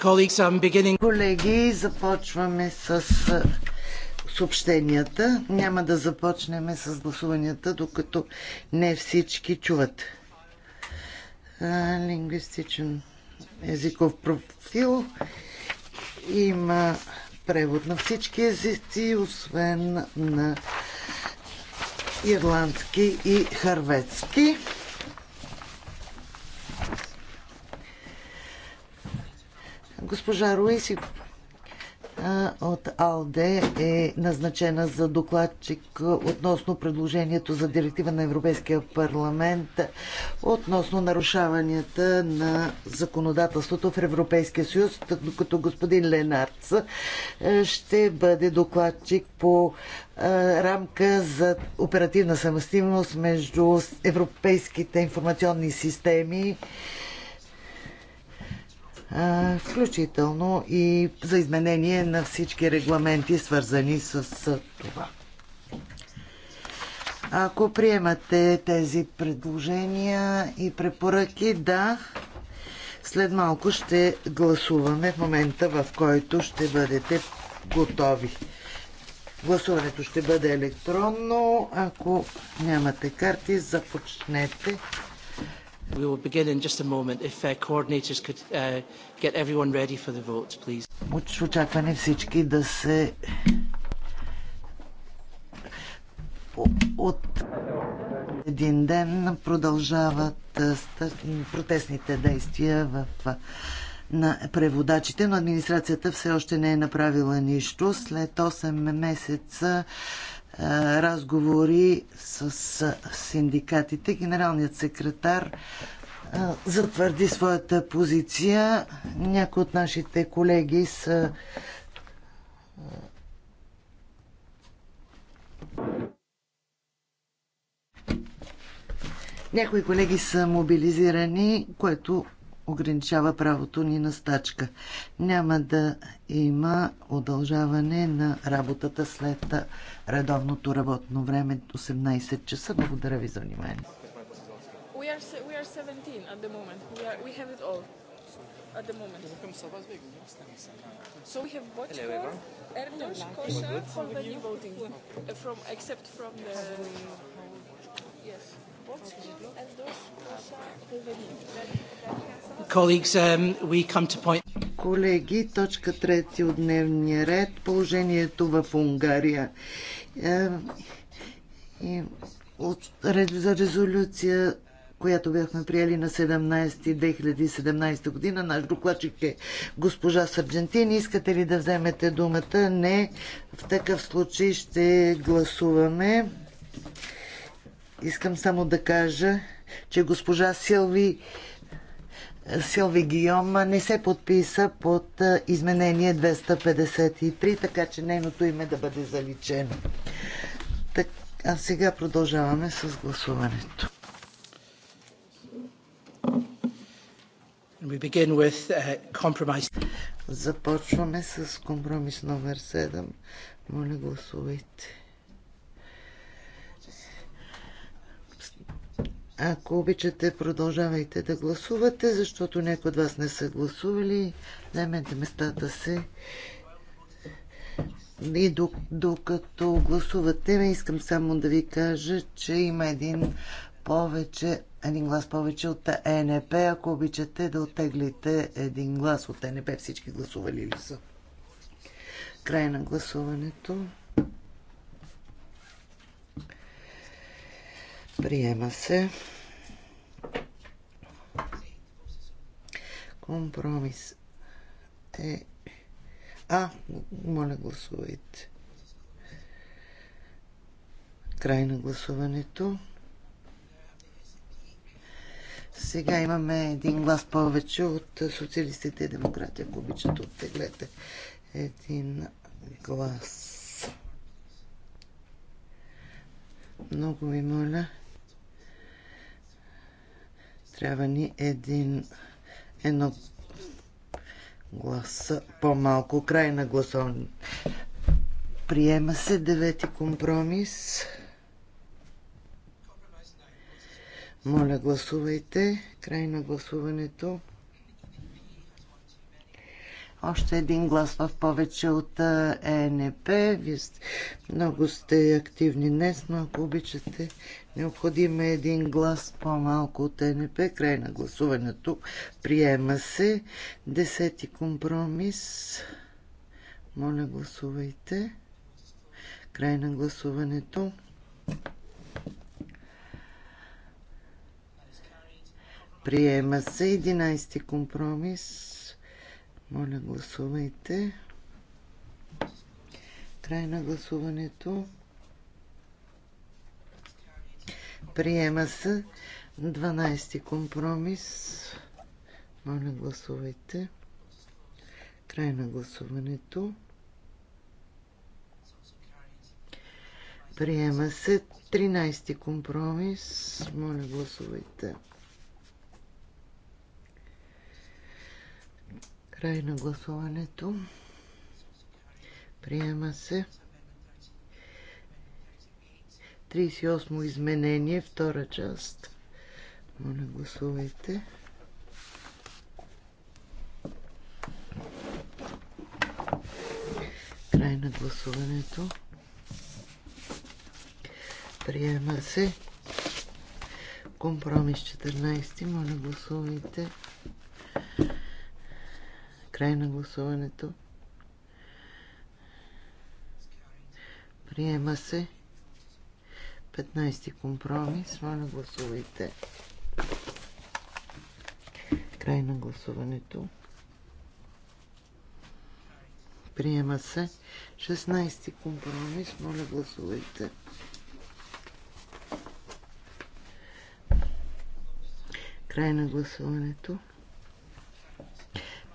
Колеги, започваме с съобщенията. Няма да започнем с гласуванията, докато не всички чуват. Лингвистичен езиков профил. Има превод на всички езици, освен на ирландски и харветски. Госпожа Руис от АЛДЕ е назначена за докладчик относно предложението за директива на Европейския парламент относно нарушаванията на законодателството в Европейския съюз, докато господин Ленарц ще бъде докладчик по рамка за оперативна съвместимост между европейските информационни системи включително и за изменение на всички регламенти, свързани с това. Ако приемате тези предложения и препоръки, да, след малко ще гласуваме в момента, в който ще бъдете готови. Гласуването ще бъде електронно. Ако нямате карти, започнете. We will begin in just a moment. If uh, coordinators could uh, get everyone ready for the vote, please. очакване всички да се от един ден продължават е, протестните действия в на преводачите, но администрацията все още не е направила нищо. След 8 месеца разговори с синдикатите. Генералният секретар затвърди своята позиция. Някои от нашите колеги са някои колеги са мобилизирани, което ограничава правото ни на стачка. Няма да има удължаване на работата след редовното работно време 18 часа. Благодаря ви за внимание. at the moment. So we have Erdos, Kosha voting, uh, from, except from the... Yes. Um, Колеги, точка трети от дневния ред. Положението в Унгария. За резолюция която бяхме приели на 17-2017 година. Наш докладчик е госпожа Сърджентин. Искате ли да вземете думата? Не. В такъв случай ще гласуваме. Искам само да кажа, че госпожа Силви Силви Гиом не се подписа под изменение 253, така че нейното име да бъде заличено. Так, а сега продължаваме с гласуването. We begin with, uh, compromise. Започваме с компромис номер 7. Моля, гласувайте. Ако обичате, продължавайте да гласувате, защото някои от вас не са гласували. Наймете местата си. И докато гласувате, искам само да ви кажа, че има един повече, един глас повече от ЕНП. Ако обичате да оттеглите един глас от ЕНП, всички гласували ли са? Край на гласуването. Приема се. Компромис е... А, моля гласувайте. Край на гласуването. Сега имаме един глас повече от социалистите и демократи, ако обичат оттеглете един глас. Много ви моля. Трябва ни един, едно гласа по-малко. Край на гласовен. Приема се девети компромис. Моля, гласувайте. Край на гласуването. Още един глас в повече от ЕНП. Вие много сте активни днес, но ако обичате, необходим е един глас по-малко от ЕНП. Край на гласуването. Приема се. Десети компромис. Моля, гласувайте. Край на гласуването. Приема се 11 компромис. Моля, гласувайте. Край на гласуването. Приема се 12 компромис. Моля, гласувайте. Край на гласуването. Приема се 13 компромис. Моля, гласувайте. Край на гласуването. Приема се. 38 изменение, втора част. Моля, гласувайте. Край на гласуването. Приема се. Компромис 14. Моля, гласувайте. Гласувайте. Край на гласуването. Приема се. 15 компромис. Моля, гласувайте. Край на гласуването. Приема се. 16 компромис. Моля, гласувайте. Край на гласуването.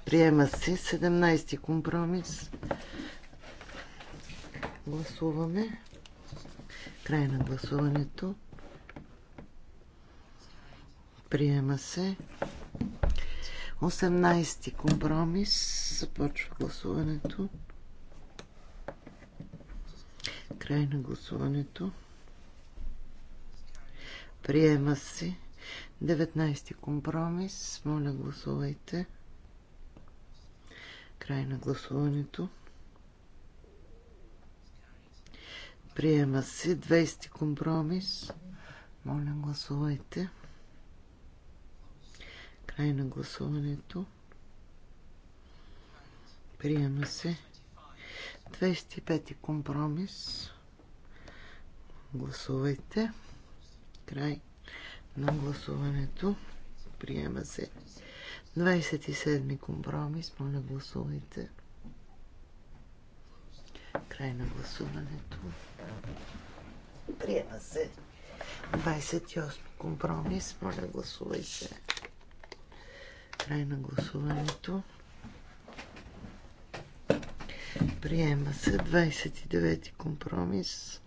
Приема се 17 компромис. Гласуваме. Край на гласуването. Приема се. 18 компромис. Започва гласуването. Край на гласуването. Приема се. 19 компромис. Моля, гласувайте. Край на гласуването. Приема се 200 компромис. Моля, гласувайте. Край на гласуването. Приема се 25 компромис. Гласувайте. Край на гласуването. Приема се 27 компромис. Моля, гласувайте. Край на гласуването. Приема се. 28 компромис. Моля, гласувайте. Край на гласуването. Приема се 29 компромис.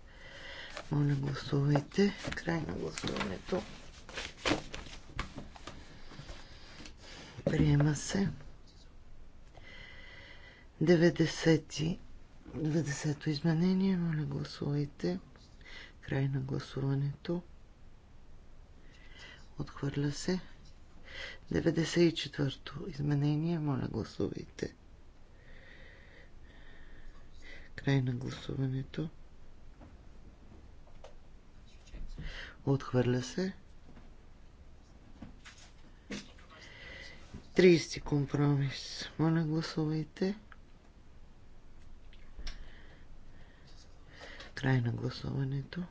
Моля, гласувайте. Край на гласуването. Приема се. 90 то изменение. Моля, гласувайте. Край на гласуването. Отхвърля се. 94-то изменение. Моля, гласувайте. Край на гласуването. Отхвърля се. 30 компромис. Моля, гласувайте. Край на гласуването.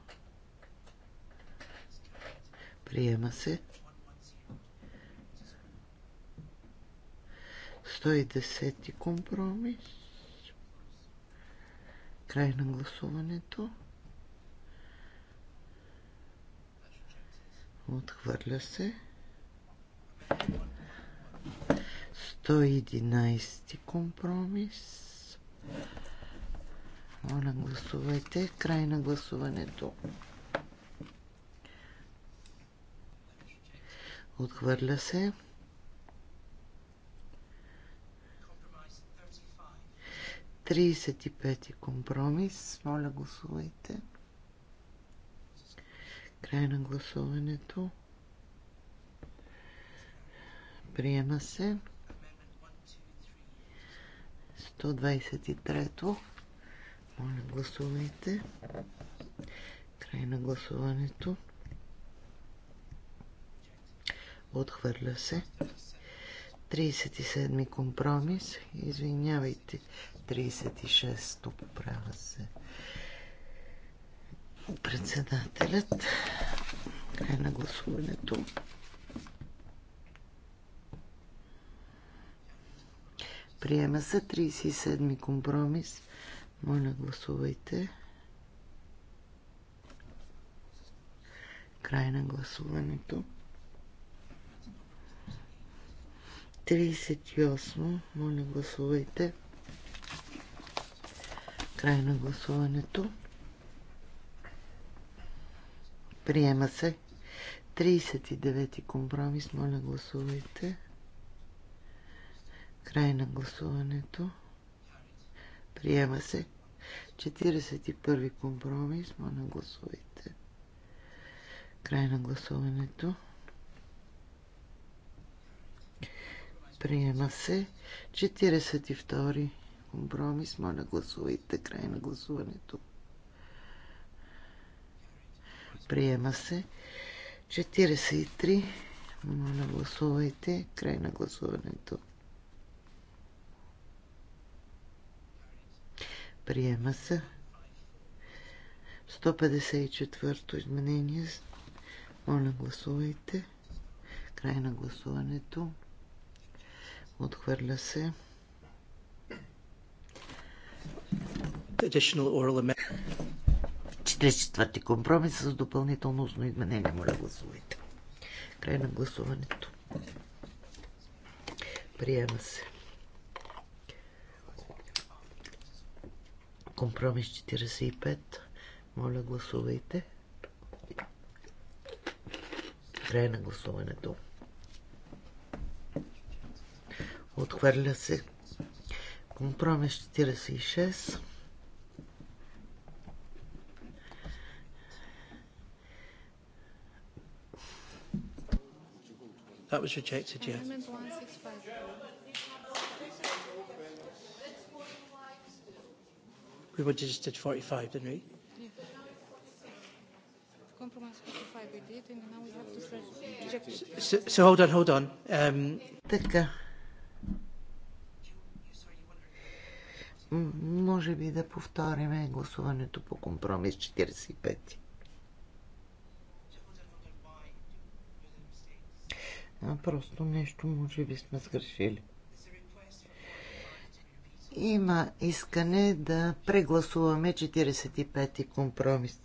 Приема се. 110 компромис. Край на гласуването. Отхвърля се. 111 компромис. Моля, гласувайте. Край на гласуването. Отхвърля се. Тридесет и пети компромис. Моля, гласувайте. Край на гласуването. Приема се. 123-то. Моля, гласувайте. Край на гласуването. Отхвърля се. 37-ми компромис. Извинявайте. 36-то поправя се. Председателят. Край на гласуването. Приема се 37-ми компромис. Моля, гласувайте. Край на гласуването. 38. Моля, гласувайте. Край на гласуването. Приема се. 39 компромис. Моля, гласувайте. Край на гласуването. Приема се. 41 компромис. Моля, гласувайте. Край на гласуването. Приема се. 42 компромис. Моля, гласувайте. Край на гласуването. Приема се. 43. Моля, гласувайте. Край на гласуването. Приема се. 154-то изменение. Моля, гласувайте. Край на гласуването. Отхвърля се. Четвърти компромис с допълнително устно изменение. Моля, гласувайте. Край на гласуването. Приема се. Компромис 45. Моля, гласувайте. Край на гласуването. Отхвърля се. Компромис 46. That was rejected, yeah. We would have just did 45, didn't we? So, so hold on, hold on. Um... Така. Може би да повториме гласуването по компромис 45. Просто нещо може би сме сгрешили. Има искане да прегласуваме 45-ти компромис.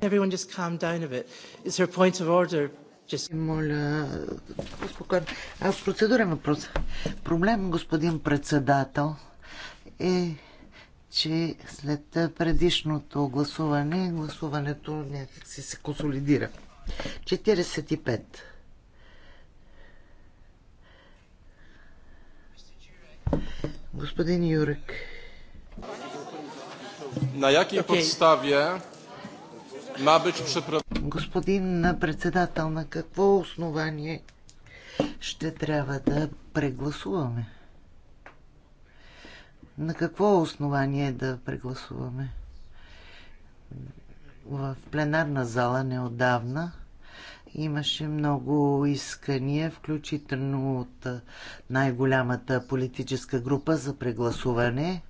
Just... Моля, успокойно. Аз процедурен въпрос. Проблем, господин председател, е, че след предишното гласуване, гласуването някакси се консолидира. 45. Господин Юрек. На яки okay. podstawie ma być Господин председател, на какво основание ще трябва да прегласуваме? На какво основание да прегласуваме? В пленарна зала неодавна Имаше много искания, включително от най-голямата политическа група за прегласуване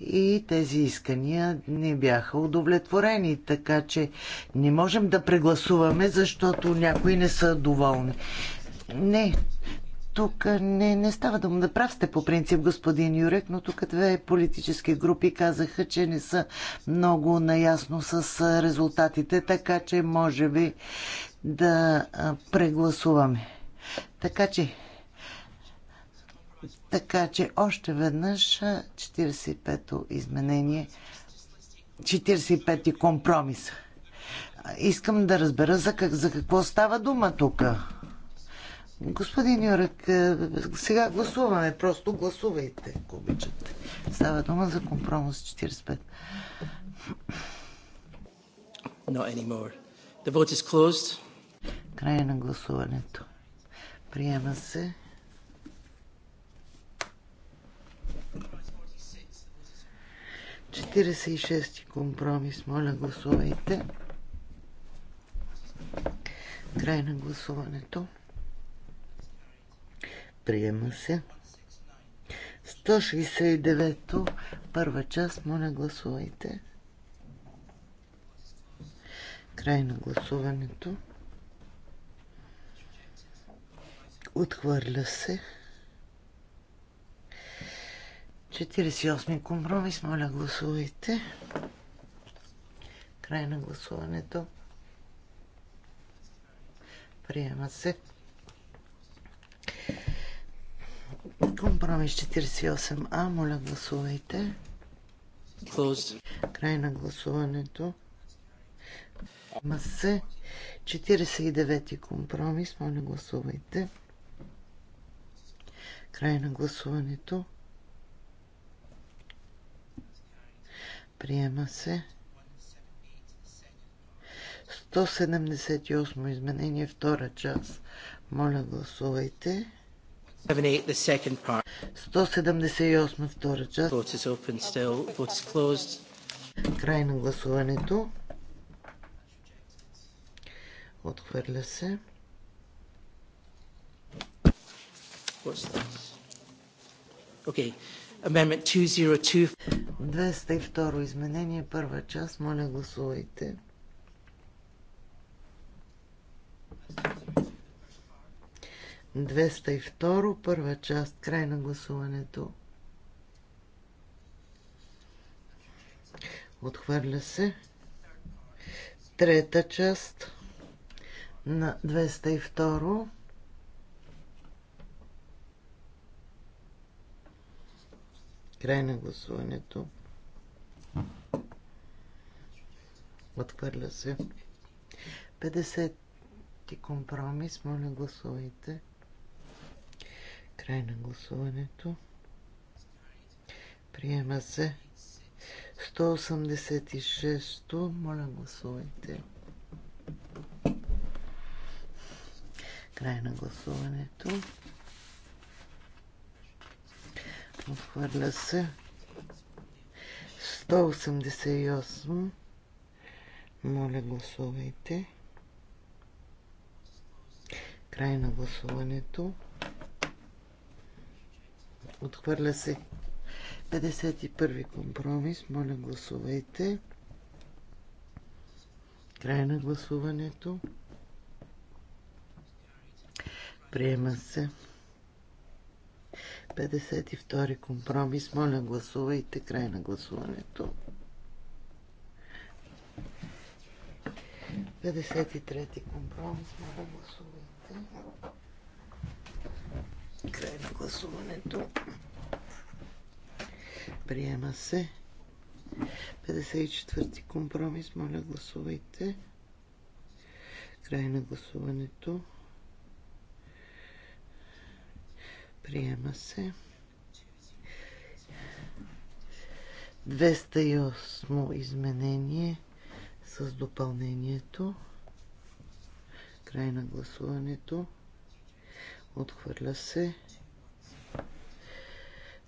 и тези искания не бяха удовлетворени, така че не можем да прегласуваме, защото някои не са доволни. Не, тук не, не става дума. Да прав сте по принцип, господин Юрек, но тук две политически групи казаха, че не са много наясно с резултатите, така че може би да прегласуваме. Така че, така че още веднъж 45-то изменение, 45-ти компромис. Искам да разбера за, как, за какво става дума тук. Господин Юрек, сега гласуваме, просто гласувайте, ако обичате. Става дума за компромис 45. Not anymore. The vote is closed. Край на гласуването. Приема се. Четиридесет и шести компромис. Моля, гласувайте. Край на гласуването. Приема се. 169-то, първа част, моля гласувайте. Край на гласуването. Отхвърля се. 48 компромис. Моля, гласувайте. Край на гласуването. Приема се. Компромис 48А. Моля, гласувайте. Край на гласуването. Ма се. 49 компромис. Моля, гласувайте. Край на гласуването. Приема се. 178 изменение, втора част. Моля, гласувайте. 178 втора част. Край на гласуването. Отхвърля се. What's Okay. Amendment 202. 202 изменение, първа част. Моля, гласувайте. Двеста и второ, първа част, край на гласуването. Отхвърля се. Трета част на 202. Край на гласуването. Отхвърля се. 50 ти компромис. Моля, гласувайте. Край на гласуването. Приема се. 186-то. Моля, гласувайте. Край на гласуването. Отхвърля се. 188. Моля, гласувайте. Край на гласуването. Отхвърля се 51 компромис. Моля, гласувайте. Край на гласуването. Приема се. 52 компромис. Моля, гласувайте край на гласуването. 53 компромис. Моля, гласувайте. Край на гласуването. Приема се. 54 компромис. Моля, гласувайте. Край на гласуването. Приема се. 208 изменение с допълнението. Край на гласуването. Отхвърля се.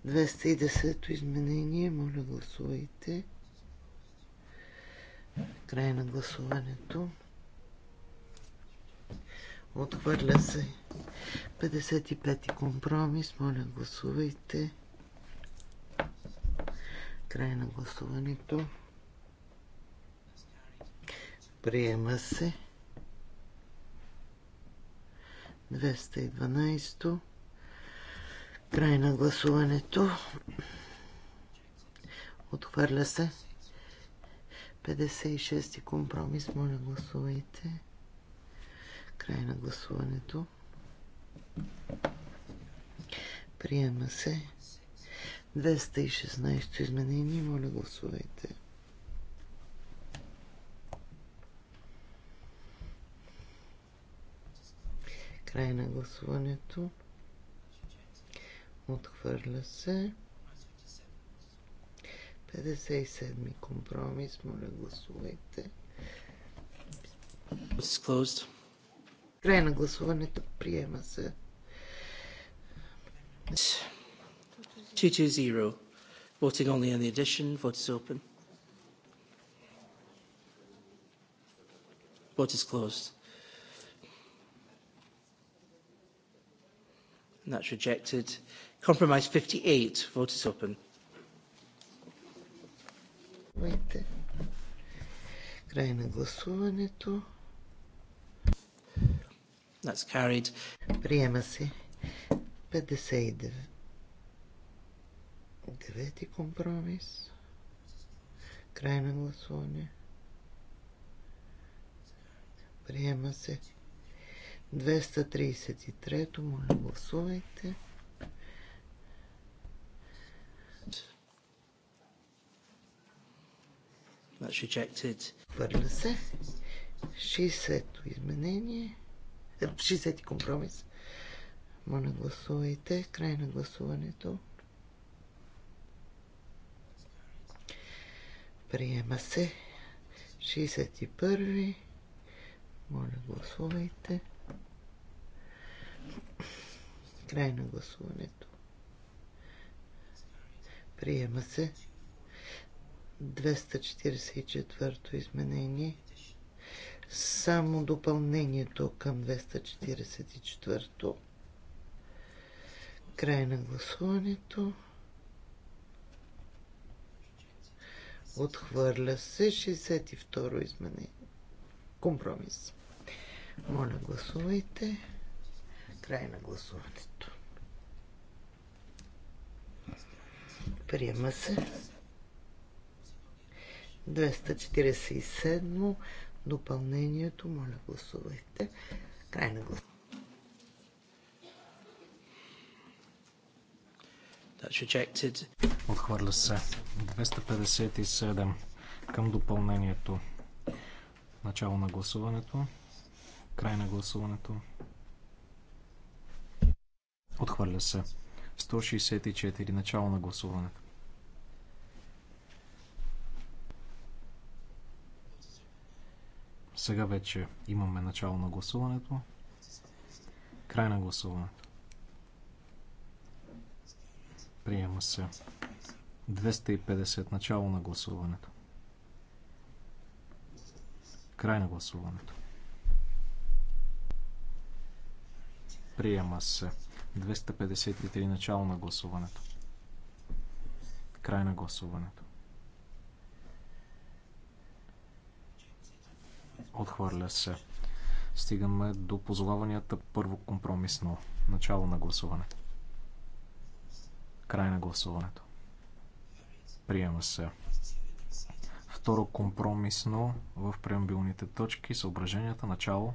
210 изменение. Моля гласувайте. Край на гласуването. Отхвърля се. 55 компромис. Моля, гласувайте. Край на гласуването. Приема се. 212. Край на гласуването. Отхвърля се. 56 компромис. Моля, гласувайте. Край на гласуването. Приема се. 216 изменение. Моля, гласувайте. Край на гласуването. Отхвърля се. 57 компромис. Моля, гласувайте. It's closed. Край на гласуването. Приема се. 220. Voting only on the addition. Vote is open. Vote is closed. And that's rejected. Compromise 58. Vote is open. Край на гласуването. That's carried. Приема се. 59. Девети компромис. Край на гласуване. Приема се. 233. Моля, гласувайте. That's rejected. Хвърля се. 60-то изменение. 60 компромис. Моля, гласувайте. Край на гласуването. Приема се. 61. Моля, гласувайте. Край на гласуването. Приема се. 244 изменение само допълнението към 244-то. Край на гласуването. Отхвърля се 62-ро изменение. Компромис. Моля, гласувайте. Край на гласуването. Приема се. 247 допълнението. Моля, гласувайте. Край на гласа. Отхвърля се. 257 към допълнението. Начало на гласуването. Край на гласуването. Отхвърля се. 164. Начало на гласуването. Сега вече имаме начало на гласуването. Край на гласуването. Приема се. 250. Начало на гласуването. Край на гласуването. Приема се. 253. Начало на гласуването. Край на гласуването. Отхвърля се. Стигаме до позоваванията първо компромисно. Начало на гласуването. Край на гласуването. Приема се. Второ компромисно в преамбилните точки. Съображенията. Начало.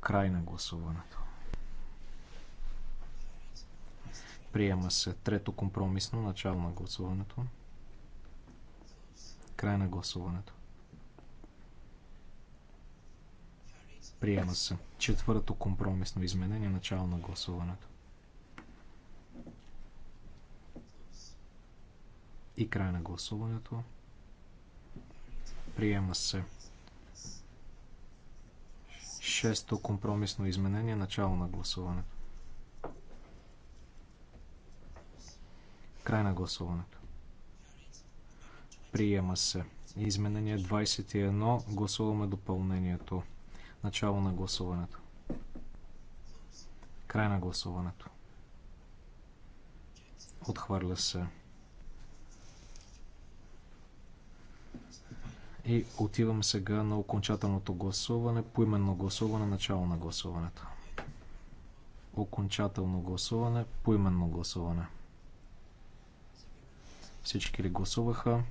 Край на гласуването. Приема се. Трето компромисно. Начало на гласуването. Край на гласуването. Приема се. Четвърто компромисно изменение. Начало на гласуването. И край на гласуването. Приема се. Шесто компромисно изменение. Начало на гласуването. Край на гласуването. Приема се. Изменение 21. Гласуваме допълнението. Начало на гласуването. Край на гласуването. Отхвърля се. И отивам сега на окончателното гласуване, поименно гласуване, начало на гласуването. Окончателно гласуване, поименно гласуване. Всички ли гласуваха?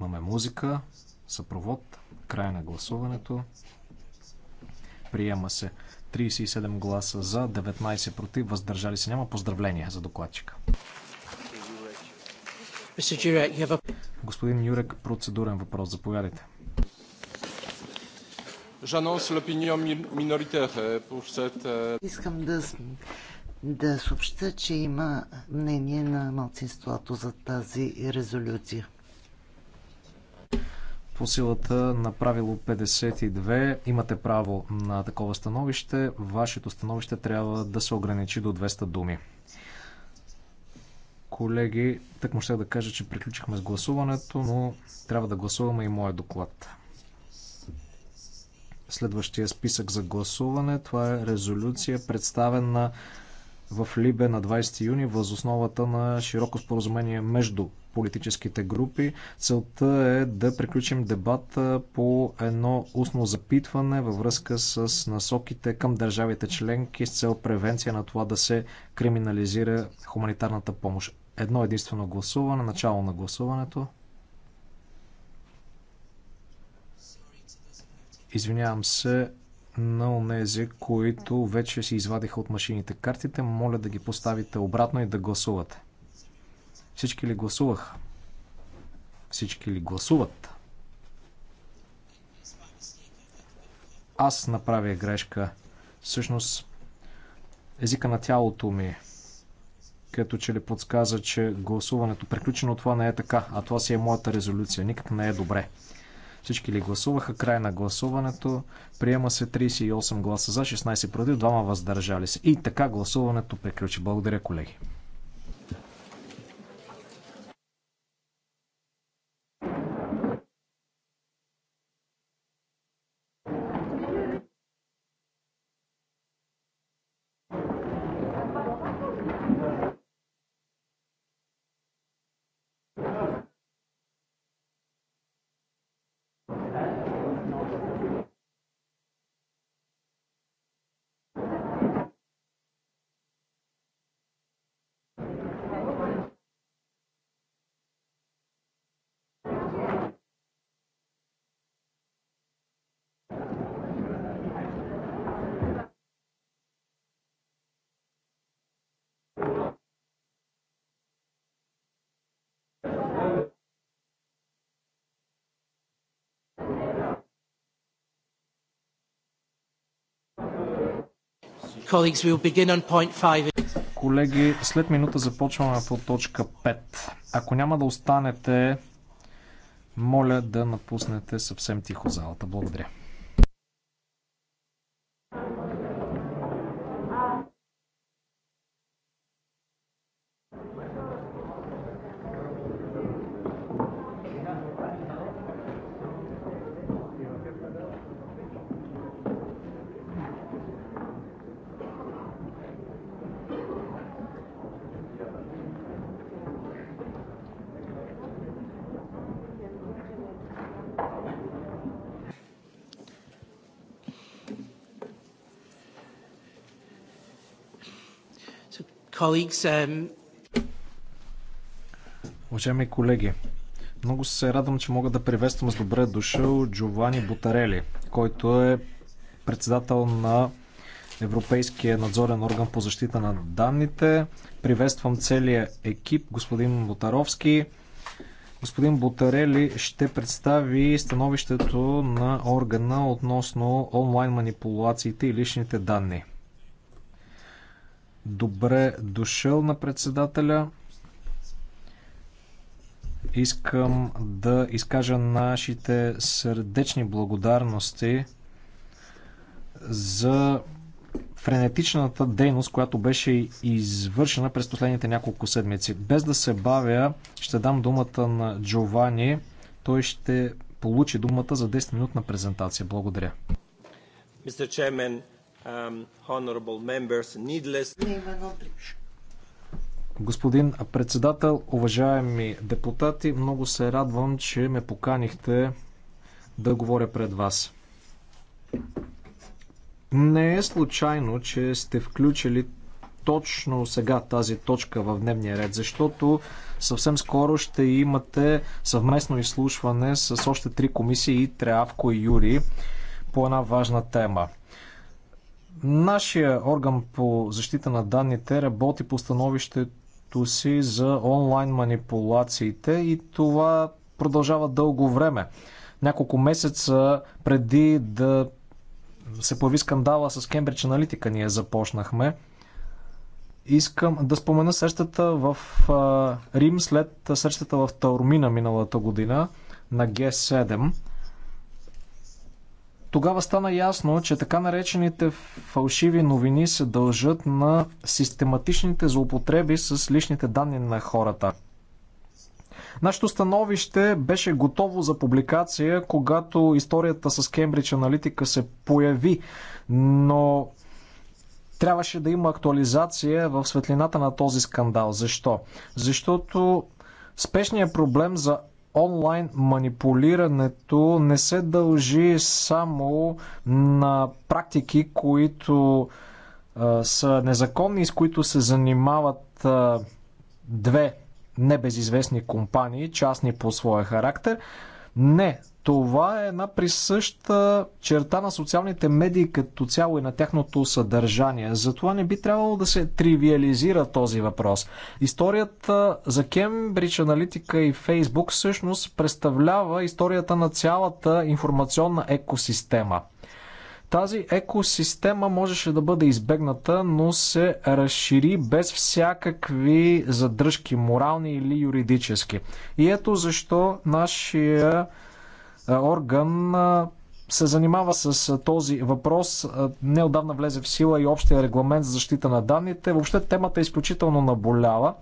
Имаме музика, съпровод, край на гласуването. Приема се 37 гласа за, 19 против, въздържали се няма. Поздравления за докладчика. Господин Юрек, процедурен въпрос, заповядайте. Eh, eh, Искам да, да съобща, че има мнение на малцинството за тази резолюция по силата на правило 52 имате право на такова становище. Вашето становище трябва да се ограничи до 200 думи. Колеги, так му ще да кажа, че приключихме с гласуването, но трябва да гласуваме и моя доклад. Следващия списък за гласуване, това е резолюция, представена в Либе на 20 юни въз основата на широко споразумение между политическите групи. Целта е да приключим дебата по едно устно запитване във връзка с насоките към държавите членки с цел превенция на това да се криминализира хуманитарната помощ. Едно единствено гласуване, начало на гласуването. Извинявам се, на онези, които вече си извадиха от машините картите. Моля да ги поставите обратно и да гласувате. Всички ли гласуваха? Всички ли гласуват? Аз направя грешка. Всъщност, езика на тялото ми като че ли подсказа, че гласуването приключено това не е така, а това си е моята резолюция. Никак не е добре. Всички ли гласуваха? Край на гласуването. Приема се 38 гласа за, 16 против, 2 въздържали се. И така гласуването приключи. Благодаря, колеги. Колеги, след минута започваме по точка 5. Ако няма да останете, моля да напуснете съвсем тихо залата. Благодаря. Um, Уважаеми колеги, много се радвам, че мога да приветствам с добре дошъл Джовани Бутарели, който е председател на Европейския надзорен орган по защита на данните. Приветствам целия екип, господин Бутаровски. Господин Бутарели ще представи становището на органа относно онлайн манипулациите и личните данни. Добре дошъл на председателя. Искам да изкажа нашите сърдечни благодарности за френетичната дейност, която беше извършена през последните няколко седмици. Без да се бавя, ще дам думата на Джовани. Той ще получи думата за 10 минутна презентация. Благодаря. Мистер Чемен, Um, honorable members Господин председател, уважаеми депутати, много се радвам, че ме поканихте да говоря пред вас. Не е случайно, че сте включили точно сега тази точка в дневния ред, защото съвсем скоро ще имате съвместно изслушване с още три комисии и и Юри по една важна тема. Нашия орган по защита на данните работи по становището си за онлайн манипулациите и това продължава дълго време. Няколко месеца преди да се появи скандала с Кембридж Аналитика ние започнахме. Искам да спомена срещата в Рим след срещата в Таурмина миналата година на Г7. Тогава стана ясно, че така наречените фалшиви новини се дължат на систематичните злоупотреби с личните данни на хората. Нашето становище беше готово за публикация, когато историята с Кембридж Аналитика се появи, но трябваше да има актуализация в светлината на този скандал. Защо? Защото спешният проблем за онлайн манипулирането не се дължи само на практики, които а, са незаконни и с които се занимават а, две небезизвестни компании, частни по своя характер. Не, това е една присъща черта на социалните медии като цяло и на тяхното съдържание. Затова не би трябвало да се тривиализира този въпрос. Историята за Кембридж Аналитика и Фейсбук всъщност представлява историята на цялата информационна екосистема. Тази екосистема можеше да бъде избегната, но се разшири без всякакви задръжки, морални или юридически. И ето защо нашия е, орган се занимава с този въпрос. Неодавна влезе в сила и общия регламент за защита на данните. Въобще темата е изключително наболява.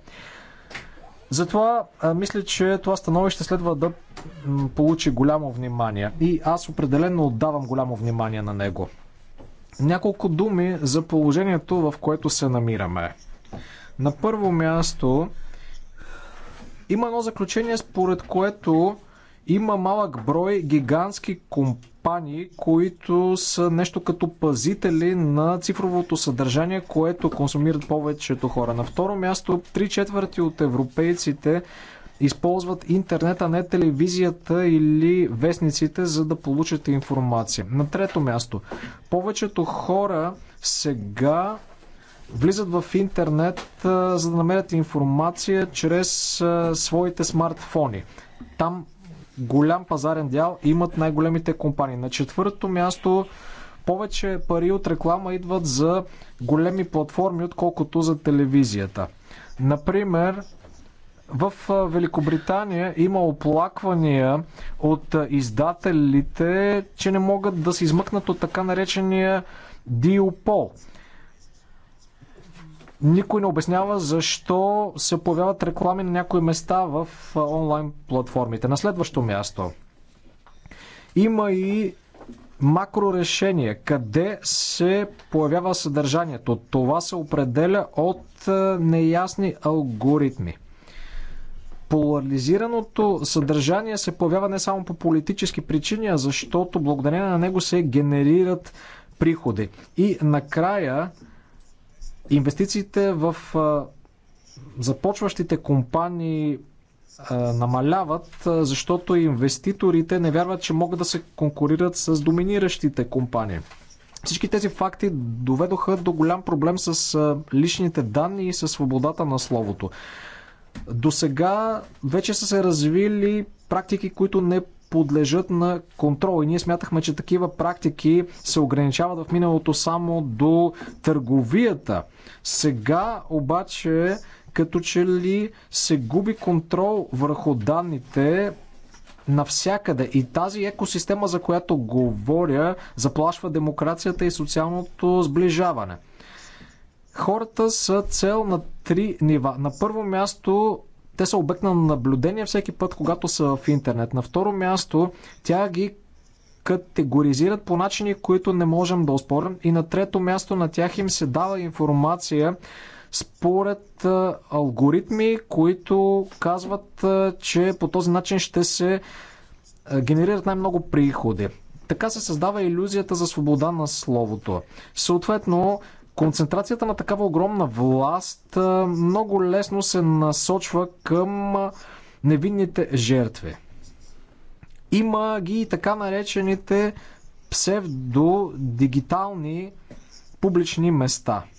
Затова мисля, че това становище следва да получи голямо внимание. И аз определено отдавам голямо внимание на него. Няколко думи за положението, в което се намираме. На първо място има едно заключение, според което има малък брой гигантски компании, които са нещо като пазители на цифровото съдържание, което консумират повечето хора. На второ място, три четвърти от европейците използват интернета, не телевизията или вестниците, за да получат информация. На трето място, повечето хора сега влизат в интернет, за да намерят информация чрез своите смартфони. Там голям пазарен дял имат най-големите компании. На четвърто място повече пари от реклама идват за големи платформи, отколкото за телевизията. Например, в Великобритания има оплаквания от издателите, че не могат да се измъкнат от така наречения диопол. Никой не обяснява защо се появяват реклами на някои места в онлайн платформите. На следващо място. Има и макрорешение, къде се появява съдържанието. Това се определя от неясни алгоритми. Поларизираното съдържание се появява не само по политически причини, а защото благодарение на него се генерират приходи. И накрая инвестициите в започващите компании намаляват, защото инвеститорите не вярват, че могат да се конкурират с доминиращите компании. Всички тези факти доведоха до голям проблем с личните данни и с свободата на словото. До сега вече са се развили практики, които не подлежат на контрол. И ние смятахме, че такива практики се ограничават в миналото само до търговията. Сега обаче като че ли се губи контрол върху данните навсякъде. И тази екосистема, за която говоря, заплашва демокрацията и социалното сближаване. Хората са цел на три нива. На първо място те са обект на наблюдение всеки път, когато са в интернет. На второ място, тя ги категоризират по начини, които не можем да оспорим. И на трето място на тях им се дава информация според алгоритми, които казват, че по този начин ще се генерират най-много приходи. Така се създава иллюзията за свобода на словото. Съответно, Концентрацията на такава огромна власт много лесно се насочва към невинните жертви. Има ги и така наречените псевдодигитални публични места –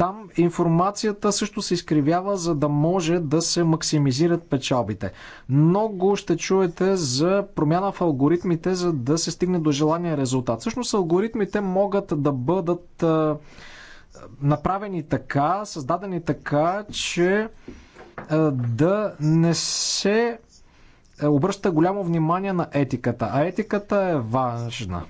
там информацията също се изкривява, за да може да се максимизират печалбите. Много ще чуете за промяна в алгоритмите, за да се стигне до желания резултат. Всъщност алгоритмите могат да бъдат направени така, създадени така, че да не се обръща голямо внимание на етиката. А етиката е важна.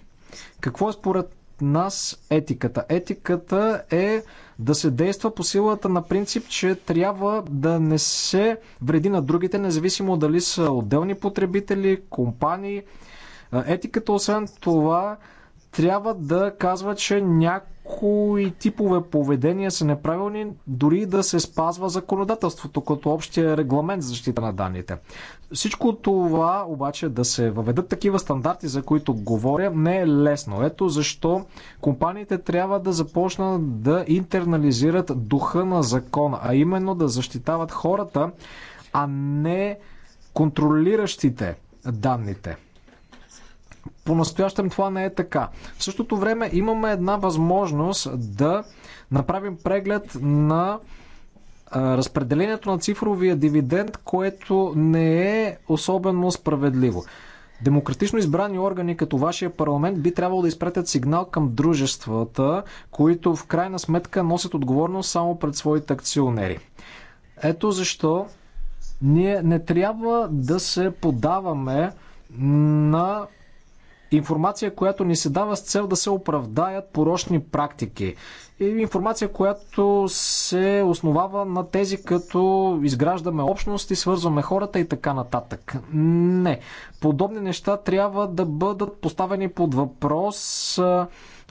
Какво е според нас етиката. Етиката е да се действа по силата на принцип, че трябва да не се вреди на другите, независимо дали са отделни потребители, компании. Етиката, освен това, трябва да казва, че някои типове поведения са неправилни, дори да се спазва законодателството, като общия регламент за защита на данните. Всичко това, обаче, да се въведат такива стандарти, за които говоря, не е лесно. Ето защо компаниите трябва да започнат да интернализират духа на закона, а именно да защитават хората, а не контролиращите данните. По-настоящем това не е така. В същото време имаме една възможност да направим преглед на разпределението на цифровия дивиденд, което не е особено справедливо. Демократично избрани органи като вашия парламент би трябвало да изпратят сигнал към дружествата, които в крайна сметка носят отговорност само пред своите акционери. Ето защо ние не трябва да се подаваме на информация, която ни се дава с цел да се оправдаят порочни практики. И информация, която се основава на тези, като изграждаме общност и свързваме хората и така нататък. Не. Подобни неща трябва да бъдат поставени под въпрос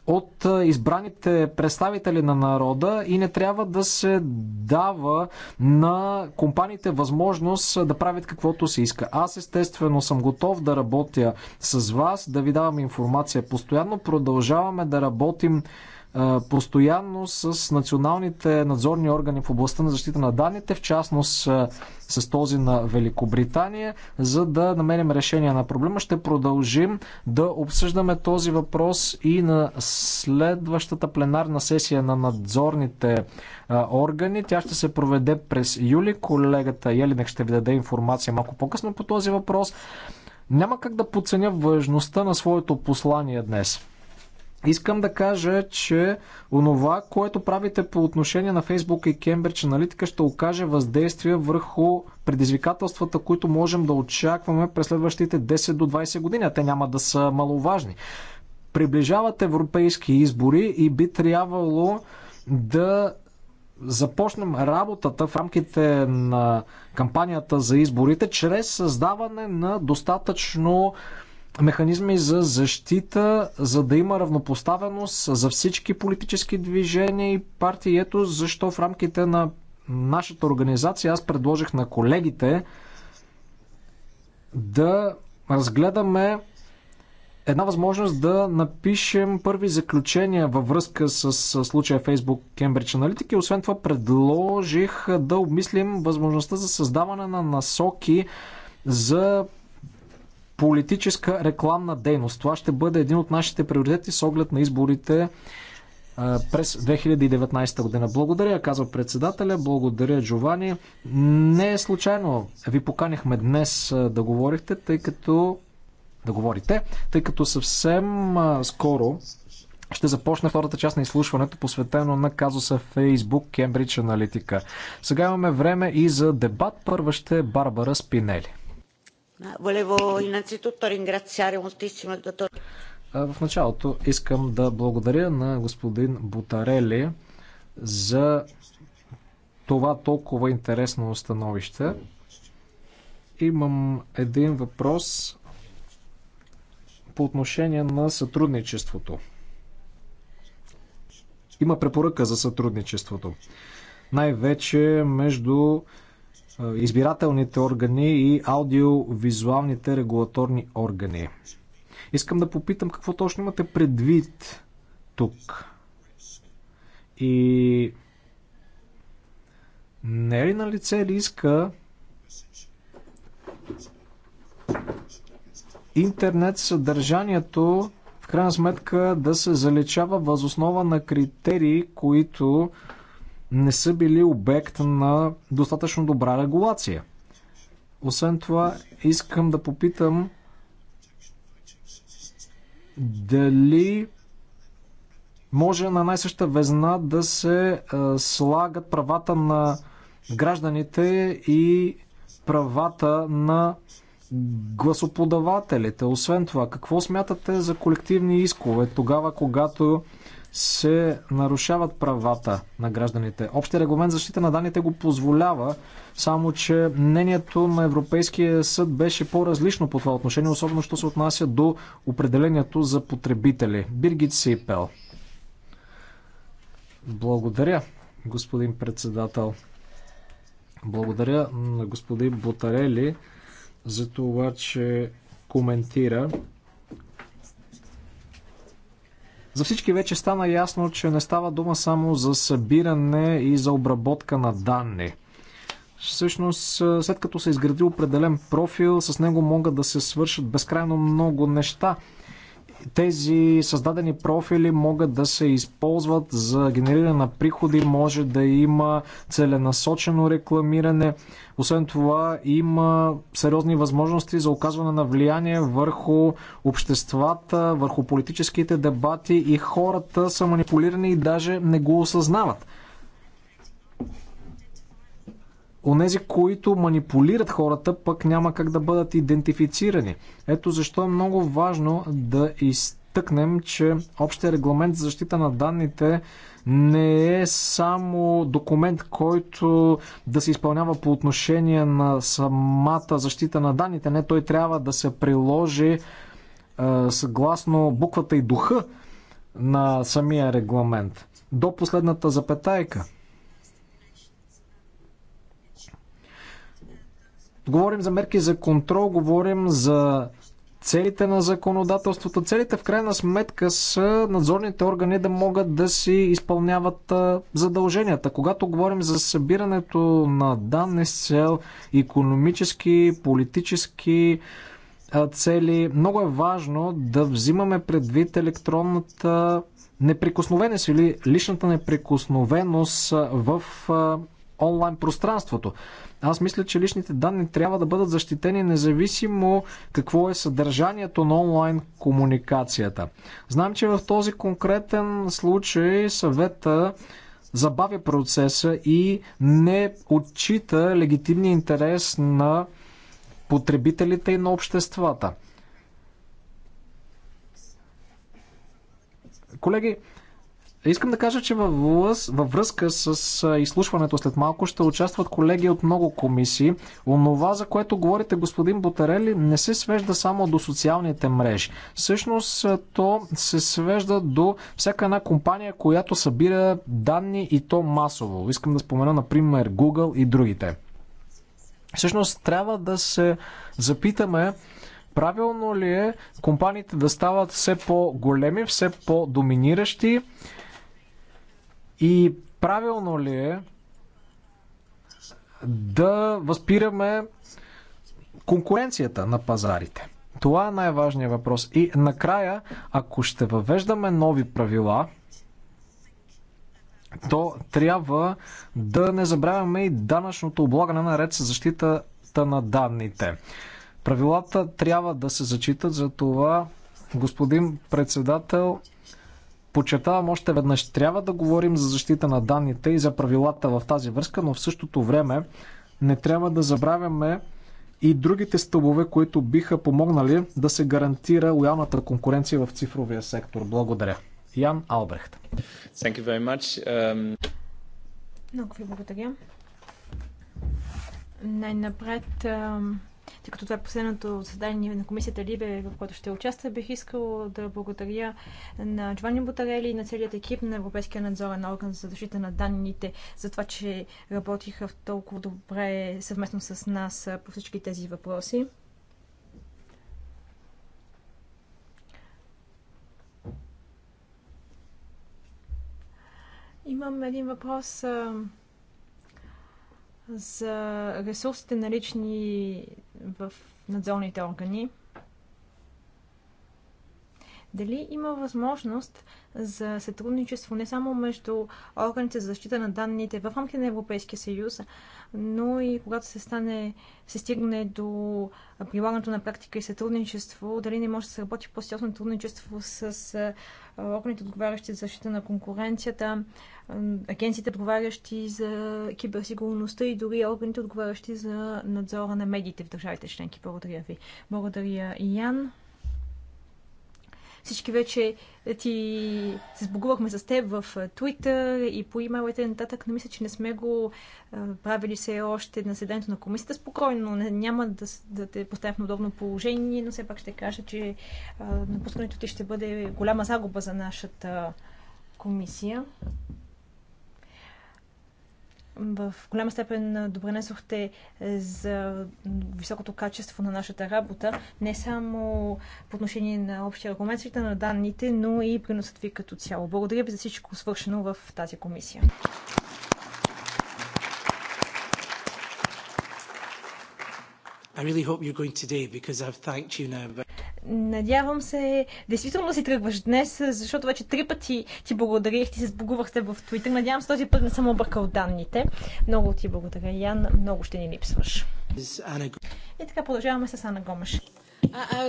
от избраните представители на народа и не трябва да се дава на компаниите възможност да правят каквото се иска. Аз естествено съм готов да работя с вас, да ви давам информация. Постоянно продължаваме да работим постоянно с националните надзорни органи в областта на защита на данните, в частност с този на Великобритания, за да намерим решение на проблема. Ще продължим да обсъждаме този въпрос и на следващата пленарна сесия на надзорните органи. Тя ще се проведе през юли. Колегата Елинек ще ви даде информация малко по-късно по този въпрос. Няма как да подценя важността на своето послание днес. Искам да кажа, че онова, което правите по отношение на Фейсбук и Кембридж аналитика ще окаже въздействие върху предизвикателствата, които можем да очакваме през следващите 10 до 20 години, а те няма да са маловажни. Приближават европейски избори и би трябвало да започнем работата в рамките на кампанията за изборите чрез създаване на достатъчно механизми за защита, за да има равнопоставеност за всички политически движения и партии. Ето защо в рамките на нашата организация аз предложих на колегите да разгледаме една възможност да напишем първи заключения във връзка с случая Facebook Cambridge Analytica. Освен това предложих да обмислим възможността за създаване на насоки за политическа рекламна дейност. Това ще бъде един от нашите приоритети с оглед на изборите през 2019 година. Благодаря, казва председателя, благодаря, Джовани. Не е случайно ви поканихме днес да говорихте, тъй като да говорите, тъй като съвсем скоро ще започне втората част на изслушването, посветено на казуса Facebook Cambridge Analytica. Сега имаме време и за дебат. Първа ще е Барбара Спинели. В началото искам да благодаря на господин Бутарели за това толкова интересно становище. Имам един въпрос по отношение на сътрудничеството. Има препоръка за сътрудничеството. Най-вече между избирателните органи и аудиовизуалните регулаторни органи. Искам да попитам какво точно имате предвид тук. И не е ли на лице риска интернет съдържанието в крайна сметка да се заличава възоснова на критерии, които не са били обект на достатъчно добра регулация. Освен това, искам да попитам дали може на най-съща везна да се слагат правата на гражданите и правата на гласоподавателите. Освен това, какво смятате за колективни искове тогава, когато се нарушават правата на гражданите. Общия регламент защита на данните го позволява, само че мнението на Европейския съд беше по-различно по това отношение, особено що се отнася до определението за потребители. Биргит Сипел. Благодаря, господин председател. Благодаря на господин Ботарели за това, че коментира за всички вече стана ясно, че не става дума само за събиране и за обработка на данни. Всъщност, е, след като се изгради определен профил, с него могат да се свършат безкрайно много неща тези създадени профили могат да се използват за генериране на приходи, може да има целенасочено рекламиране. Освен това, има сериозни възможности за оказване на влияние върху обществата, върху политическите дебати и хората са манипулирани и даже не го осъзнават. Онези, които манипулират хората, пък няма как да бъдат идентифицирани. Ето защо е много важно да изтъкнем, че общия регламент за защита на данните не е само документ, който да се изпълнява по отношение на самата защита на данните. Не, той трябва да се приложи е, съгласно буквата и духа на самия регламент. До последната запетайка. Говорим за мерки за контрол, говорим за целите на законодателството. Целите в крайна сметка са надзорните органи да могат да си изпълняват задълженията. Когато говорим за събирането на данни с цел економически, политически цели, много е важно да взимаме предвид електронната неприкосновеност или личната неприкосновеност в онлайн пространството. Аз мисля, че личните данни трябва да бъдат защитени независимо какво е съдържанието на онлайн комуникацията. Знам, че в този конкретен случай съвета забавя процеса и не отчита легитимния интерес на потребителите и на обществата. Колеги, Искам да кажа, че във, въз, във връзка с изслушването след малко ще участват колеги от много комисии. Онова, за което говорите, господин Бутарели, не се свежда само до социалните мрежи. Всъщност, то се свежда до всяка една компания, която събира данни и то масово. Искам да спомена, например, Google и другите. Всъщност, трябва да се запитаме правилно ли е компаниите да стават все по-големи, все по-доминиращи? И правилно ли е да възпираме конкуренцията на пазарите? Това е най-важният въпрос. И накрая, ако ще въвеждаме нови правила, то трябва да не забравяме и данъчното облагане наред с защитата на данните. Правилата трябва да се зачитат, за това, господин председател, Подчертавам още веднъж, трябва да говорим за защита на данните и за правилата в тази връзка, но в същото време не трябва да забравяме и другите стълбове, които биха помогнали да се гарантира лоялната конкуренция в цифровия сектор. Благодаря. Ян Албрехт. Um... Много ви благодаря. Най-напред тъй като това е последното заседание на комисията Либе, в което ще участва, бих искал да благодаря на Джованни Ботарели и на целият екип на Европейския надзорен орган за защита на данните, за това, че работиха в толкова добре съвместно с нас по всички тези въпроси. Имам един въпрос за ресурсите налични в надзорните органи. Дали има възможност за сътрудничество не само между органите за защита на данните в рамките на Европейския съюз, но и когато се, стане, се стигне до прилагането на практика и сътрудничество, дали не може да се работи по-сериозно сътрудничество с органите, отговарящи за защита на конкуренцията, агенциите, отговарящи за киберсигурността и дори органите, отговарящи за надзора на медиите в държавите членки. Благодаря ви. Благодаря, Ян. Всички вече ти се сбогувахме с теб в Twitter и по имейлите нататък, но мисля, че не сме го правили все още на седенето на комисията. Спокойно, няма да, да те поставя в удобно положение, но все пак ще кажа, че напускането ти ще бъде голяма загуба за нашата комисия в голяма степен добренесохте за високото качество на нашата работа, не само по отношение на общия аргумент, на данните, но и приносът ви като цяло. Благодаря ви за всичко свършено в тази комисия. I really hope you're going today because I've thanked you now. But... Надявам се, действително си тръгваш днес, защото вече три пъти ти благодарих, ти се сбогувах в Твитър. Надявам се този път не съм объркал данните. Много ти благодаря, Ян. Много ще ни липсваш. И така продължаваме с Ана Гомеш.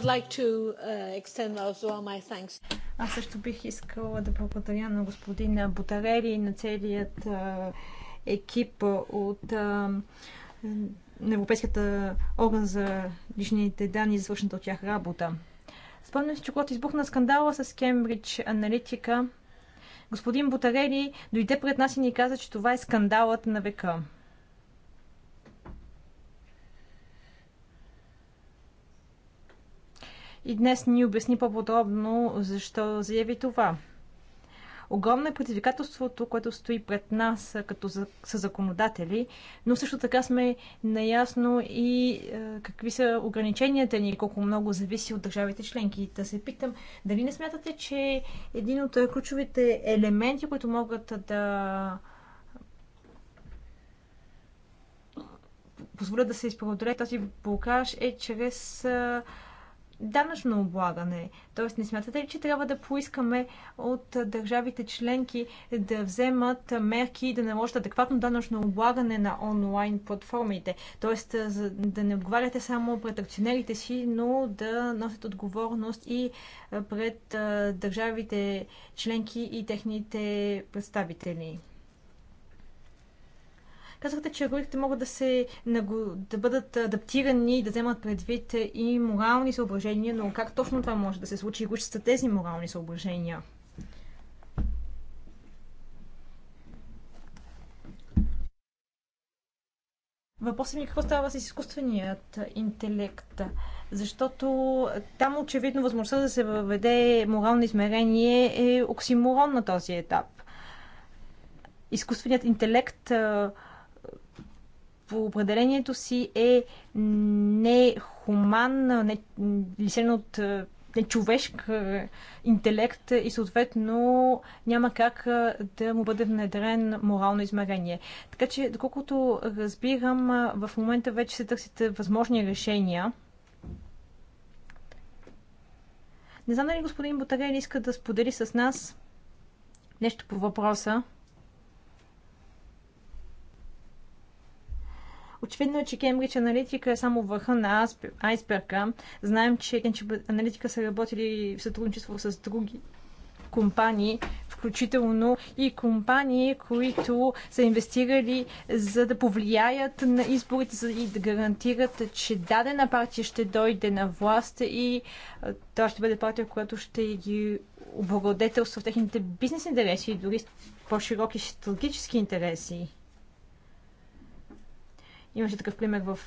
Like to, uh, Аз също бих искала да благодаря на господина Бутарери и на целият uh, екип от uh, на Европейската орган за личните данни и свършната от тях работа. Спомням си, че когато избухна скандала с Кембридж Аналитика, господин Бутарели дойде пред нас и ни каза, че това е скандалът на века. И днес ни обясни по-подробно защо заяви това. Огромно е предизвикателството, което стои пред нас като за, са законодатели, но също така сме наясно и е, какви са ограниченията ни, колко много зависи от държавите членки. Да се питам, дали не смятате, че един от ключовите елементи, които могат да позволят да се изпреодолее този блокаж е чрез е, данъчно облагане. Тоест, не смятате ли, че трябва да поискаме от държавите членки да вземат мерки и да наложат адекватно данъчно облагане на онлайн платформите? Тоест, да не отговаряте само пред акционерите си, но да носят отговорност и пред държавите членки и техните представители. Казахте, че ролите могат да, се, да бъдат адаптирани и да вземат предвид и морални съображения, но как точно това може да се случи и кои са тези морални съображения? Въпросът ми е какво става с изкуственият интелект? Защото там очевидно възможността да се въведе морално измерение е оксиморон на този етап. Изкуственият интелект по определението си е нехуман, не, лишен от е, нечовешк е, интелект и съответно няма как е, да му бъде внедрен морално измерение. Така че, доколкото разбирам, в момента вече се търсите възможни решения. Не знам дали господин Ботарел иска да сподели с нас нещо по въпроса. Очевидно е, че Кембридж аналитика е само върха на айсберга. Знаем, че Кембридж аналитика са работили в сътрудничество с други компании, включително и компании, които са инвестирали за да повлияят на изборите за и да гарантират, че дадена партия ще дойде на власт и това ще бъде партия, която ще ги облагодетелства в техните бизнес интереси и дори по-широки стратегически интереси. Имаше такъв пример в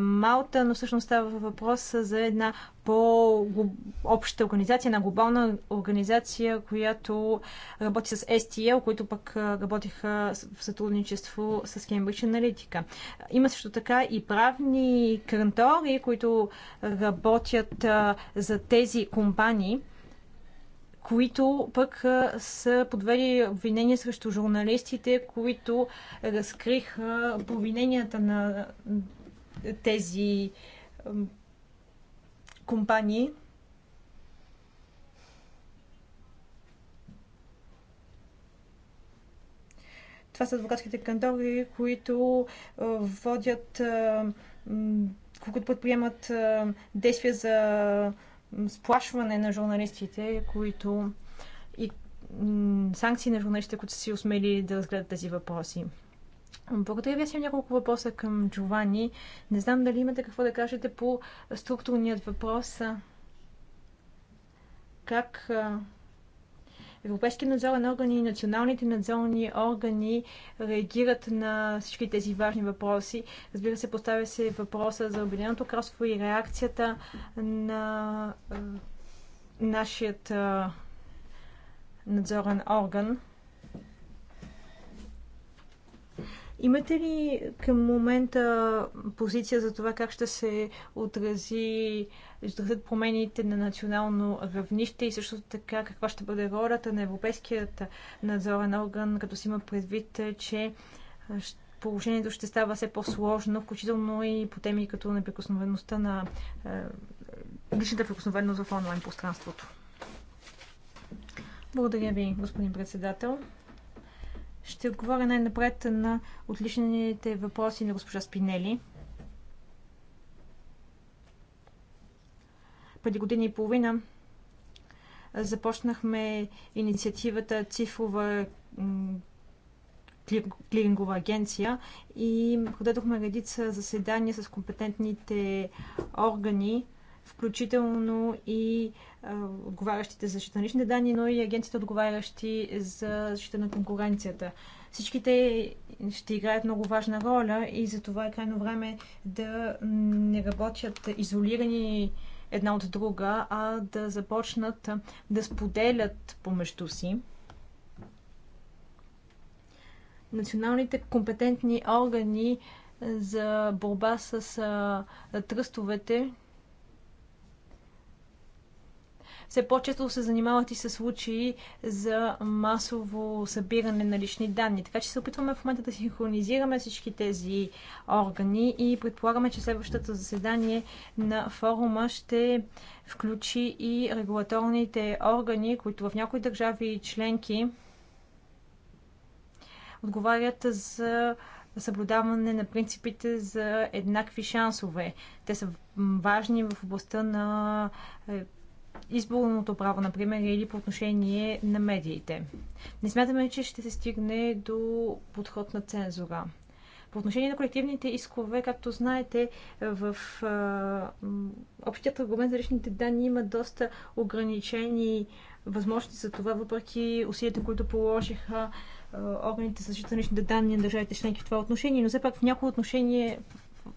Малта, но всъщност става въпрос за една по-обща организация, една глобална организация, която работи с STL, които пък работиха в сътрудничество с Cambridge Analytica. Има също така и правни кантори, които работят за тези компании които пък са подвели обвинения срещу журналистите, които разкриха повиненията на тези компании. Това са адвокатските кантори, които водят, които предприемат действия за сплашване на журналистите, които и санкции на журналистите, които са си осмели да разгледат тези въпроси. Благодаря ви. Аз имам няколко въпроса към Джовани. Не знам дали имате какво да кажете по структурният въпрос. Как Европейския надзорен орган и националните надзорни органи реагират на всички тези важни въпроси. Разбира се, поставя се въпроса за Обединеното кралство и реакцията на е, нашият е, надзорен орган. Имате ли към момента позиция за това как ще се отрази, ще промените на национално равнище и също така каква ще бъде ролята на Европейският надзорен орган, като си има предвид, че положението ще става все по-сложно, включително и по теми като неприкосновеността на личната прикосновеност в онлайн пространството? Благодаря ви, господин председател. Ще отговоря най-напред на отличните въпроси на госпожа Спинели. Преди година и половина започнахме инициативата Цифрова клирингова агенция и подадохме редица заседания с компетентните органи включително и отговарящите за защита на личните данни, но и агенците отговарящи за защита на конкуренцията. Всички те ще играят много важна роля и за това е крайно време да не работят изолирани една от друга, а да започнат да споделят помежду си. Националните компетентни органи за борба с тръстовете все по-често се занимават и с случаи за масово събиране на лични данни. Така че се опитваме в момента да синхронизираме всички тези органи и предполагаме, че следващото заседание на форума ще включи и регулаторните органи, които в някои държави и членки отговарят за съблюдаване на принципите за еднакви шансове. Те са важни в областта на е, изборното право, например, или по отношение на медиите. Не смятаме, че ще се стигне до подход на цензура. По отношение на колективните искове, както знаете, в а, общият аргумент за личните данни има доста ограничени възможности за това, въпреки усилията, които положиха а, органите за защита на личните данни на държавите членки в това отношение, но все пак в някои отношение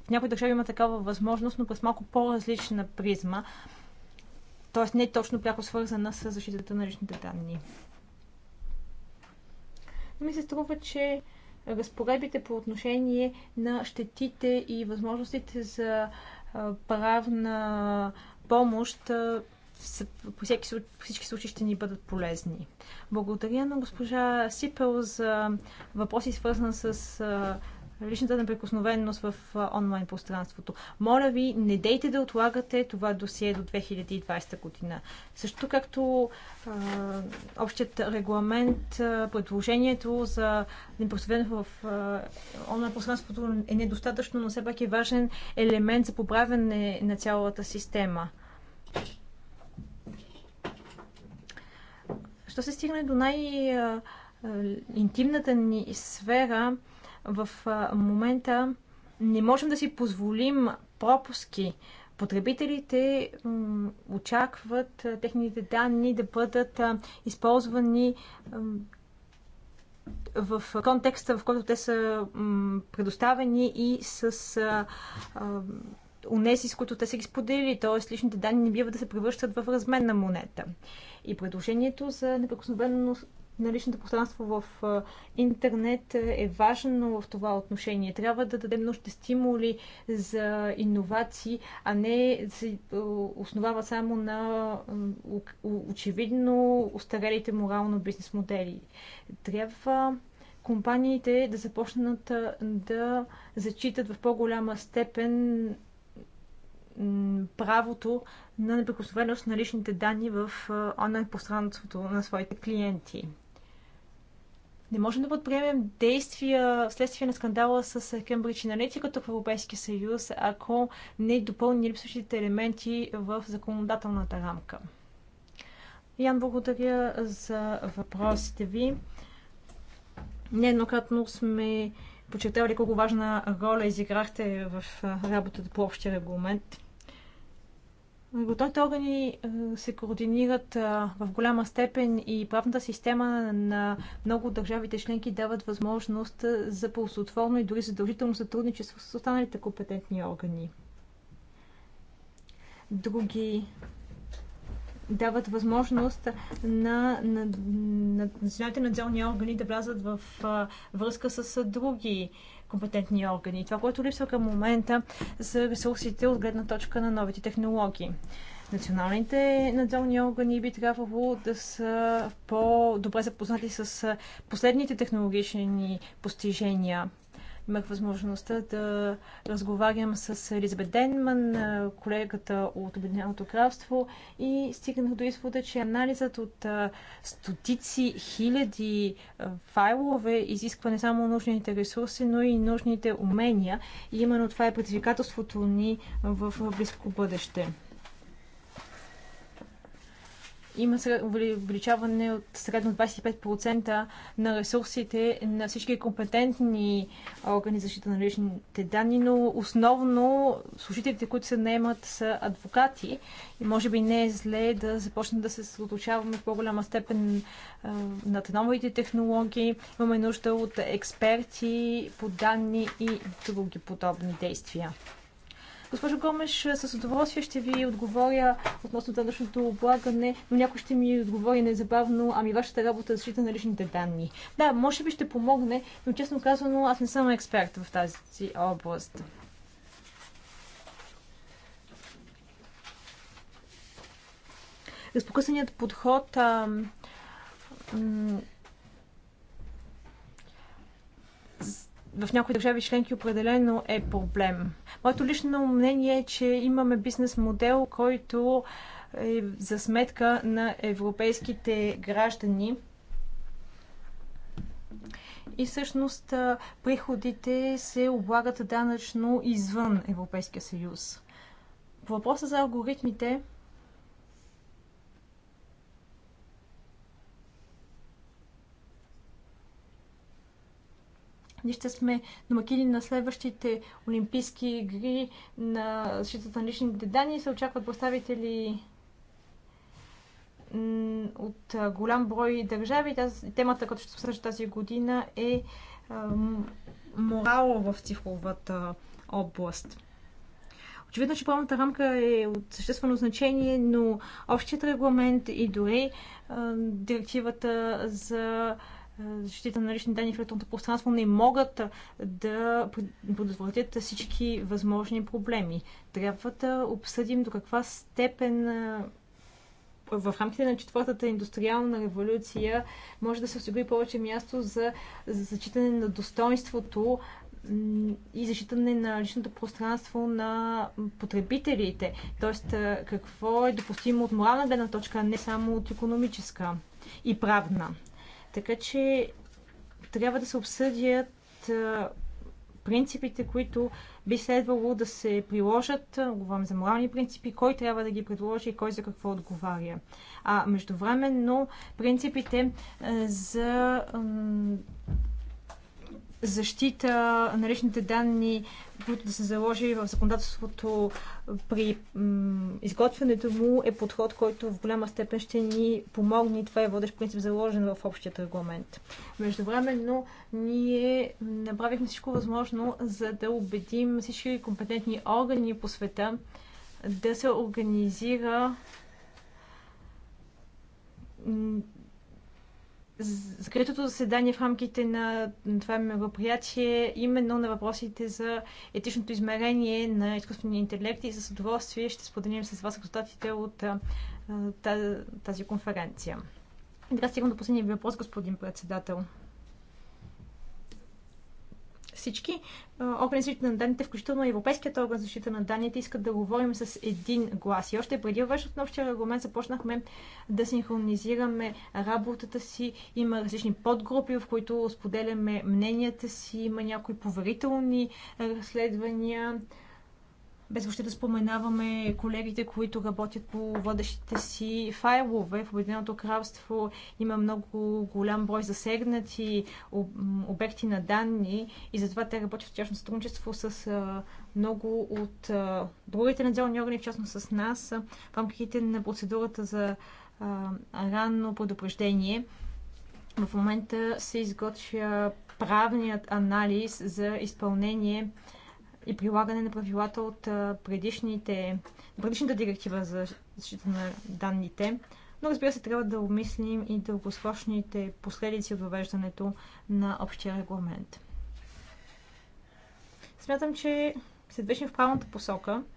в някои държави има такава възможност, но през малко по-различна призма т.е. не е точно пряко свързана с защитата на личните данни. Ми се струва, че разпоредбите по отношение на щетите и възможностите за правна помощ по, по всички случаи ще ни бъдат полезни. Благодаря на госпожа Сипел за въпроси, свързан с личната неприкосновеност в онлайн пространството. Моля ви, не дейте да отлагате това досие до 2020 година. Също както а, общият регламент, а, предложението за неприкосновеност в а, онлайн пространството е недостатъчно, но все пак е важен елемент за поправяне на цялата система. Що се стигне до най- интимната ни сфера, в момента не можем да си позволим пропуски. Потребителите очакват техните данни да бъдат използвани в контекста, в който те са предоставени и с унеси, с които те са ги споделили, т.е. личните данни не бива да се превръщат в размен на монета. И предложението за неприкосновеност на личното пространство в интернет е важно в това отношение. Трябва да дадем нужните стимули за иновации, а не да се основава само на очевидно устарелите морално бизнес модели. Трябва компаниите да започнат да зачитат в по-голяма степен правото на неприкосновеност на личните данни в онлайн пространството на своите клиенти. Не можем да подприемем действия вследствие на скандала с Кембридж Аналитика като в Европейския съюз, ако не допълни липсващите елементи в законодателната рамка. Ян, благодаря за въпросите ви. Нееднократно сме подчертавали колко важна роля изиграхте в работата по общия регламент. Регулаторните органи се координират в голяма степен и правната система на много държавите членки дават възможност за ползотворно и дори задължително сътрудничество с останалите компетентни органи. Други дават възможност на, на, на националните надзорни органи да влязат в а, връзка с а, други компетентни органи. Това, което липсва към момента, са ресурсите от гледна точка на новите технологии. Националните надзорни органи би трябвало да са по-добре запознати с последните технологични постижения Имах възможността да разговарям с Елизабет Денман, колегата от Обединеното кралство и стигнах до извода, че анализът от стотици хиляди файлове изисква не само нужните ресурси, но и нужните умения. И именно това е предизвикателството ни в близко бъдеще има увеличаване от средно 25% на ресурсите на всички компетентни органи за защита на личните данни, но основно служителите, които се наемат, са адвокати. И може би не е зле да започнем да се съсредоточаваме в по-голяма степен над новите технологии. Имаме нужда от експерти по данни и други подобни действия. Госпожо Гомеш, с удоволствие ще ви отговоря относно данъчното облагане, но някой ще ми отговори незабавно, ами вашата работа е защита на личните данни. Да, може би ще помогне, но честно казано, аз не съм експерт в тази област. Разпокъсаният подход а, в някои държави членки определено е проблем. Моето лично мнение е, че имаме бизнес модел, който е за сметка на европейските граждани. И всъщност приходите се облагат данъчно извън Европейския съюз. По въпроса за алгоритмите, Ние ще сме домакини на следващите Олимпийски игри на защитата на личните данни. Се очакват представители от голям брой държави. Тази, темата, която ще обсъжда тази година, е морала в цифровата област. Очевидно, че правната рамка е от съществено значение, но общият регламент и дори директивата за защита на лични данни в електронното пространство не могат да предотвратят всички възможни проблеми. Трябва да обсъдим до каква степен в рамките на четвъртата индустриална революция може да се осигури повече място за, зачитане на достоинството и зачитане на личното пространство на потребителите. Тоест, какво е допустимо от морална гледна точка, а не само от економическа и правна. Така че трябва да се обсъдят принципите, които би следвало да се приложат, говорим за морални принципи, кой трябва да ги предложи и кой за какво отговаря. А междувременно принципите за защита на личните данни, които да се заложи в законодателството при изготвянето му, е подход, който в голяма степен ще ни помогне това е водещ принцип заложен в общият регламент. Междувременно ние направихме всичко възможно, за да убедим всички компетентни органи по света да се организира закритото заседание в рамките на това мероприятие, именно на въпросите за етичното измерение на изкуствения интелект и с удоволствие ще споделим с вас резултатите от тази конференция. Да, стигам до последния въпрос, господин председател всички органи защита на данните, включително Европейският орган защита на данните, искат да говорим с един глас. И още преди въвеждането на общия регламент започнахме да синхронизираме работата си. Има различни подгрупи, в които споделяме мненията си, има някои поверителни разследвания без въобще да споменаваме колегите, които работят по водещите си файлове. В Обединеното кралство има много голям брой засегнати обекти на данни и затова те работят в тясно сътрудничество с много от другите надзорни органи, в частност с нас, в рамките на процедурата за ранно предупреждение. В момента се изготвя правният анализ за изпълнение и прилагане на правилата от предишните, предишната директива за защита на данните. Но разбира се, трябва да обмислим и дългосрочните последици от въвеждането на общия регламент. Смятам, че се движим в правилната посока –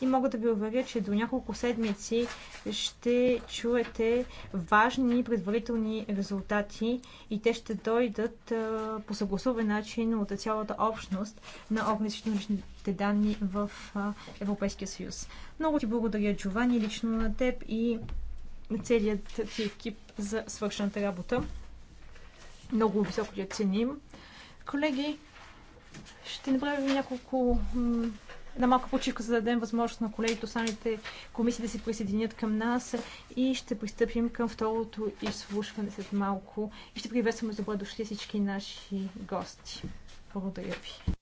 и мога да ви уверя, че до няколко седмици ще чуете важни предварителни резултати и те ще дойдат по съгласуван начин от цялата общност на огнището личните данни в Европейския съюз. Много ти благодаря, Джовани, лично на теб и целият ти екип за свършената работа. Много високо я ценим. Колеги, ще направим няколко една малка почивка, за да дадем възможност на колегите останалите комисии да се присъединят към нас и ще пристъпим към второто изслушване след малко и ще приветстваме за добре дошли всички наши гости. Благодаря ви.